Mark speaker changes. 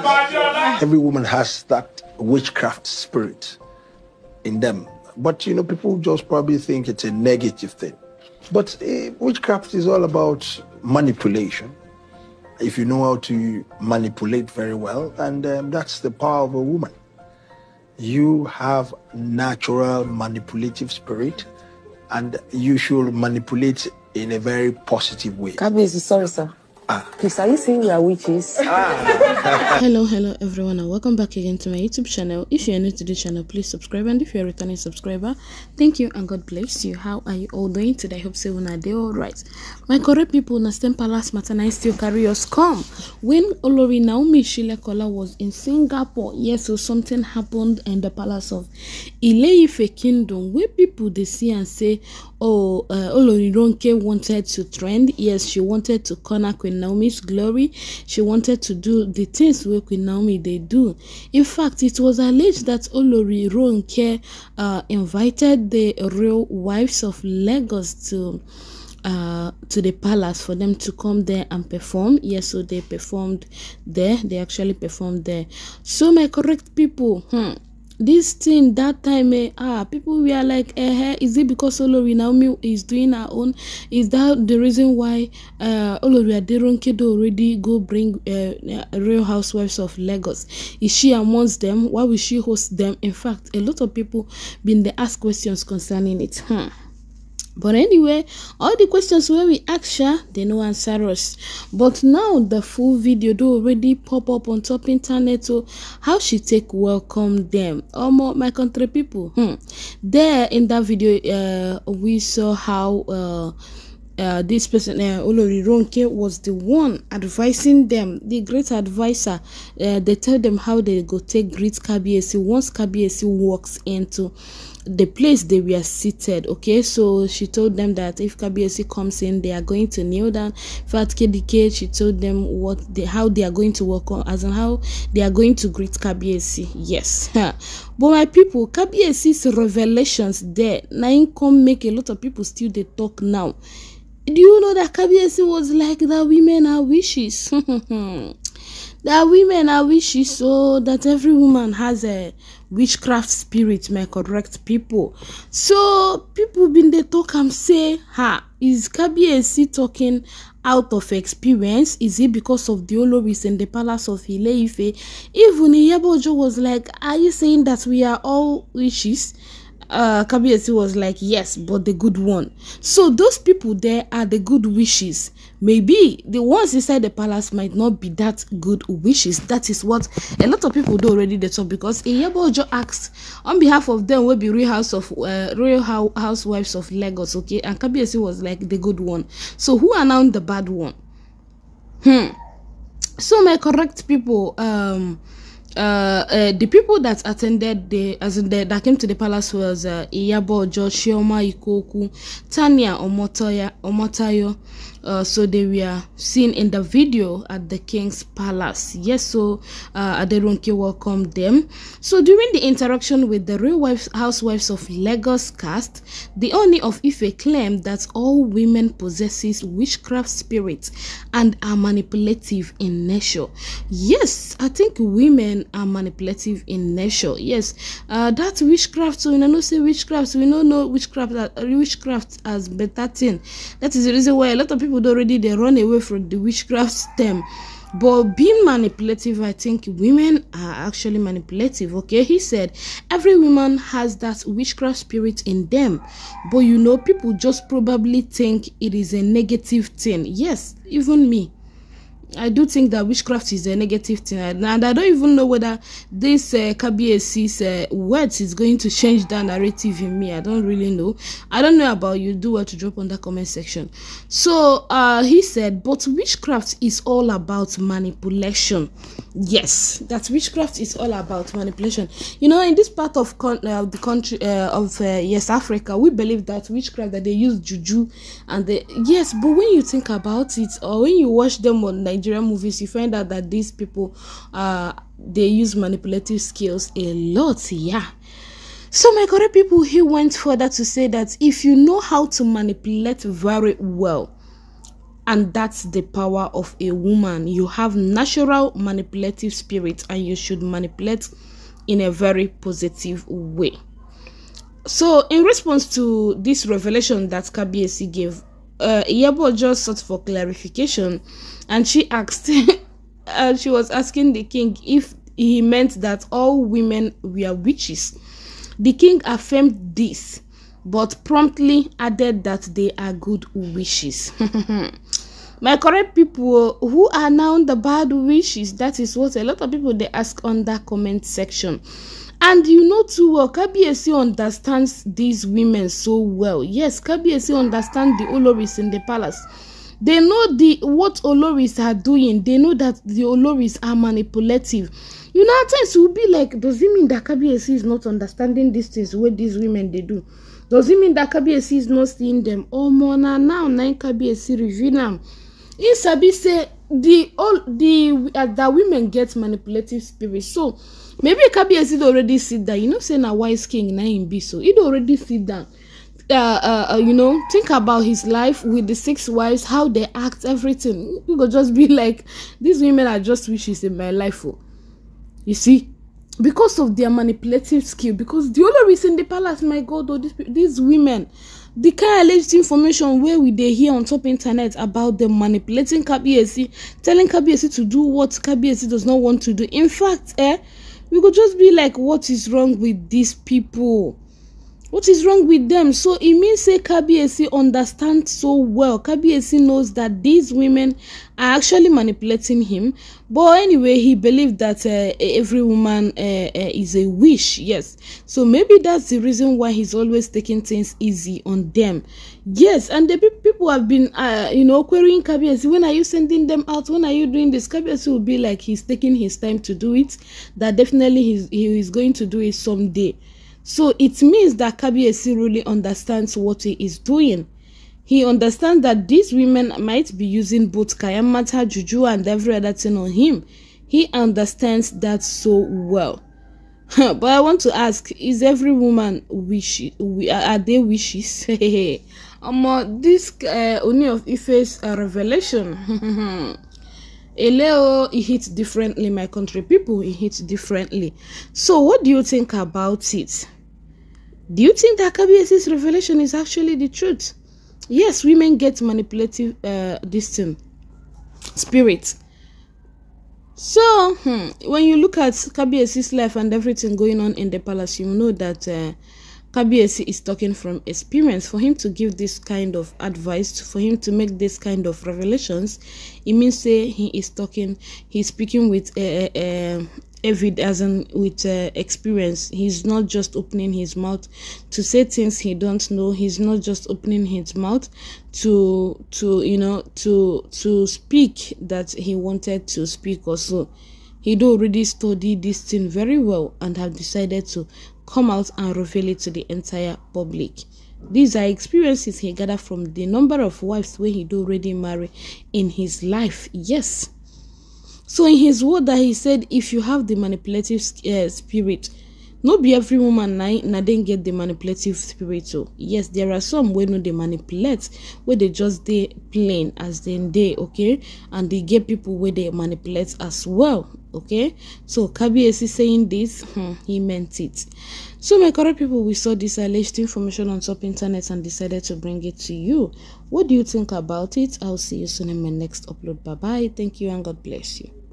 Speaker 1: Every woman has that witchcraft spirit in them. But you know, people just probably think it's a negative thing. But uh, witchcraft is all about manipulation. If you know how to manipulate very well, and um, that's the power of a woman. You have natural manipulative spirit, and you should manipulate in a very positive way. Kabi, sorry, sir are you saying we are witches. Ah. hello, hello everyone and welcome back again to my YouTube channel. If you are new to the channel, please subscribe and if you are a returning subscriber, thank you and God bless you. How are you all doing today? I hope so I do alright. My correct people, na stem palace matter na still carry us come. When Olori Naomi Shilekola was in Singapore, yes, so something happened in the palace of Ile-Ife Kingdom where people they see and say, oh, uh, Olori Ronke wanted to trend. Yes, she wanted to corner Queen Queen Naomi's glory. She wanted to do the things where Queen Naomi they do. In fact, it was alleged that Olori Ronke uh, invited the royal wives of Lagos to uh, to the palace for them to come there and perform. Yes, so they performed there. They actually performed there. So my correct people, hmm, this thing that time eh, ah people were like eh, is it because olori naomi is doing her own is that the reason why uh olori aderonkedo already go bring uh, real housewives of lagos is she amongst them why will she host them in fact a lot of people been dey ask questions concerning it hmm. But anyway, all the questions where we ask her, they no answer us. But now the full video do already pop up on top internet so oh. how she take welcome them. Omo, my country people. Hmm. There in that video, uh, we saw how uh, uh, this person, uh, Olori Ronke, was the one advising them, the great advisor. Uh, they tell them how they go take greet KBSC once KBSC walks into the place they were seated okay so she told them that if kbsc comes in they are going to kneel down fat kdk she told them what they how they are going to welcome as and how they are going to greet kbsc yes but my people kbsc's revelations there now come make a lot of people still they talk now do you know that kbsc was like that women are wishes That women are witches, so that every woman has a witchcraft spirit, my correct people. So people been they talk and say, ha, is Kabiesi talking out of experience? Is it because of the Olobis in the palace of Ile-Ife? Even Iyebojo was like, are you saying that we are all witches? uh Kabiyesi was like yes but the good one so those people there are the good wishes maybe the ones inside the palace might not be that good wishes that is what a lot of people do already the top because Iyabo asked on behalf of them will be real house of uh, real housewives of Lagos okay and Kabiyesi was like the good one so who announced the bad one hmm so my correct people um uh, uh, the people that attended the as in the, that came to the palace was uh, Iyabo Ojo, Ikoku, Tania Omotoya, Omotayo, uh, so they were seen in the video at the king's palace yes so uh, welcomed them so during the interaction with the real wives, housewives of lagos cast the only of ife claimed that all women possesses witchcraft spirits and are manipulative in nature yes i think women are manipulative in nature yes uh, that witchcraft so we don't know say witchcraft we don't know witchcraft uh, witchcraft as better thing that is the reason why a lot of people people already they run away from the witchcraft stem but being manipulative i think women are actually manipulative okay he said every woman has that witchcraft spirit in them but you know people just probably think it is a negative thing yes even me I do think that witchcraft is a negative thing, and I don't even know whether this uh, KBSC's uh, words is going to change that narrative in me. I don't really know. I don't know about you. Do what to drop on the comment section. So uh, he said, but witchcraft is all about manipulation. Yes, that witchcraft is all about manipulation. You know, in this part of uh, the country uh, of uh, yes Africa, we believe that witchcraft that they use juju, and they yes, but when you think about it, or when you watch them on Nigeria Nigerian movies, you find out that these people uh they use manipulative skills a lot, yeah. So, my other people, he went further to say that if you know how to manipulate very well, and that's the power of a woman, you have natural manipulative spirit, and you should manipulate in a very positive way. So, in response to this revelation that Kabiesi gave, uh, Yebo just sought for clarification and she asked, and she was asking the king if he meant that all women were witches. The king affirmed this, but promptly added that they are good wishes. My correct people who are now the bad wishes, that is what a lot of people they ask on that comment section. And you know too well, Kabiesi understands these women so well. Yes, Kabiesi understands the Oloris in the palace. They know the what Oloris are doing. They know that the Oloris are manipulative. You know, at times you'll be like, does it mean that Kabiesi is not understanding these things, what these women they do? Does it mean that Kabiesi is not seeing them? Oh, Mona, now, now Kabiesi reveal them. In Sabi say, the all the uh, that women get manipulative spirit so maybe kabiyesi don already sit down you know say na wise king na him be so he don already sit down uh, uh, uh, you know think about his life with the six wives how they act everything you go just be like these women are just wishes in my life oh you see because of their manipulative skill because the only reason the palace my god oh these, these women di kain alleged information wey we dey hear on top internet about dem manipulating kabiyesi telling kabiyesi to do what kabiyesi does not want to do in fact eh we go just be like what is wrong with these people? What is wrong with them? So it means say KBAC understands so well. KBAC knows that these women are actually manipulating him. But anyway, he believed that uh, every woman uh, uh, is a wish. Yes. So maybe that's the reason why he's always taking things easy on them. Yes. And the people have been, uh, you know, querying KBAC. When are you sending them out? When are you doing this? KBAC will be like he's taking his time to do it. That definitely he's, he is going to do it someday. So it means that Kabiesi really understands what he is doing. He understands that these women might be using both Kayamata, Juju, and every other thing on him. He understands that so well. but I want to ask, is every woman wish are they wishes? um, this uh, Oni of Ife's uh, revelation. Eleo, it hits differently, my country people, it hits differently. So, what do you think about it? Do you think that KBS's revelation is actually the truth? Yes, women get manipulative uh, this thing, spirit. So, hmm, when you look at KBS's life and everything going on in the palace, you know that uh, Kabiesi is talking from experience. For him to give this kind of advice, for him to make this kind of revelations, it means say he is talking, he's speaking with a, a, a avid as with uh, experience he's not just opening his mouth to say things he don't know he's not just opening his mouth to to you know to to speak that he wanted to speak also he do already study this thing very well and have decided to come out and reveal it to the entire public. These are experiences he gathered from the number of wives where he'd already marry in his life. Yes. So in his word that he said, if you have the manipulative uh, spirit, no be every woman na, na not get the manipulative spirit o oh. yes there are some wey no dey manipulate wey dey just dey plain as dem dey okay and they get people wey dey manipulate as well okay so kabiesi saying this hmm, he meant it so my correct people we saw this alleged information on top internet and decided to bring it to you what do you think about it i'll see you soon in my next upload bye bye thank you and god bless you